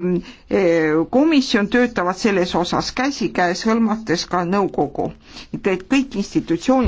Ehm, komisjon töötavad selles osas käsikäes, hõlmates ka nõukogu. et kõik institutsioonid